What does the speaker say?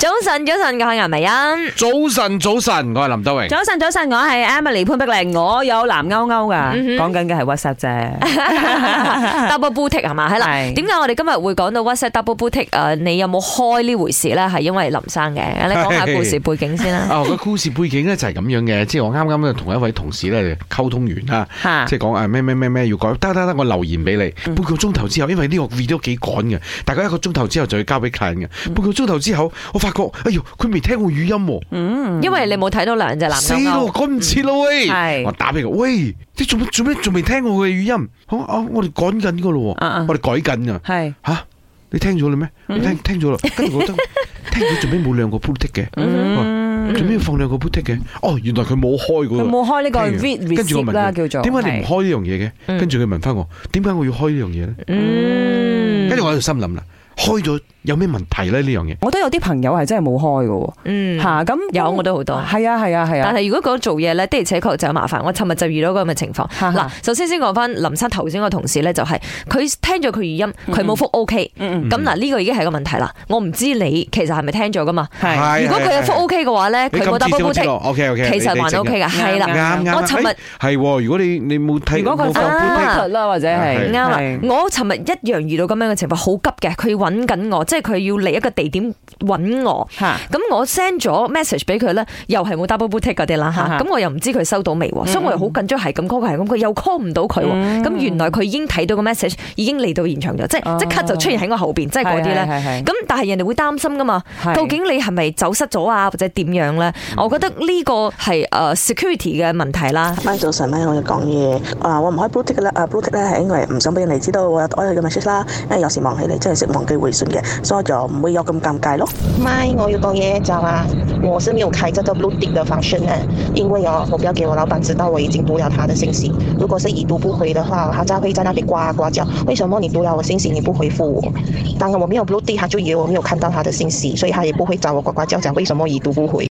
早晨，早晨，我係楊美欣。早晨，早晨，我係林德榮。早晨，早晨，我係 Emily 潘碧玲。我有藍勾勾噶，講緊嘅係 WhatsApp 啫，Double Bootie 係嘛？係啦。點解我哋今日會講到 WhatsApp Double Bootie？誒，你有冇開呢回事咧？係因為林生嘅，你講下故事背景先啦。啊，個故事背景咧就係咁樣嘅，即係我啱啱就同一位同事咧溝通完啦，即係講誒咩咩咩咩要講，得得得，我留言俾你，半個鐘頭之後，因為呢個 V 都幾趕嘅，大概一個鐘頭之後就要交俾客人嘅，半個鐘頭之後我發。哎喲，佢未聽過語音，嗯，因為你冇睇到兩隻男，死咯，咁似咯，喂，我打俾佢，喂，你做咩做咩仲未聽過佢嘅語音？我我我哋趕緊噶咯，我哋改緊噶，係，吓，你聽咗啦咩？聽聽咗啦，跟住我真聽咗，做咩冇兩個 booty 嘅？做咩要放兩個 booty 嘅？哦，原來佢冇開噶，冇開呢個跟住我問佢，點解你唔開呢樣嘢嘅？跟住佢問翻我，點解我要開呢樣嘢咧？跟住我喺度心諗啦。開咗有咩問題咧？呢樣嘢我都有啲朋友係真係冇開嘅，嗯吓咁有我都好多，係啊係啊係啊。但係如果講做嘢咧，的而且確就有麻煩。我尋日就遇到個咁嘅情況。嗱，首先先講翻林生頭先個同事咧，就係佢聽咗佢語音，佢冇覆 O K，咁嗱呢個已經係個問題啦。我唔知你其實係咪聽咗噶嘛？如果佢係覆 O K 嘅話咧，佢冇打波 o 其實還 O K 嘅，係啦。我尋日係，如果你你冇聽，如果佢就啦，或者係啱。我尋日一樣遇到咁樣嘅情況，好急嘅，佢等緊我，即係佢要嚟一個地點揾我。咁我 send 咗 message 俾佢咧，又係冇 double boot 嗰啲啦嚇。咁我又唔知佢收到未，所以我又好緊張，係咁 call 佢，係咁佢又 call 唔到佢。咁原來佢已經睇到個 message，已經嚟到現場咗，即即刻就出現喺我後邊，即係嗰啲咧。咁但係人哋會擔心噶嘛？究竟你係咪走失咗啊？或者點樣咧？我覺得呢個係誒 security 嘅問題啦。早上，媽，我要講嘢。我唔開 booty 噶啦，啊 booty 咧係因為唔想俾人哋知道，我有咗個 message 啦。因為有時忙起嚟真係忘記。微信嘅，所以就唔會有咁尷尬咯。唔係，我要講嘢就話，我是用開咗個不讀的方式嘅，因為、啊、我冇要叫我老闆知道我已經讀了他的信息。如果是已讀不回的話，他再會在那邊呱呱叫。為什麼你讀了我信息你不回覆我？當然我沒有不讀，他就以為我沒有看到他的信息，所以他也不會找我呱呱叫，講為什麼已讀不回。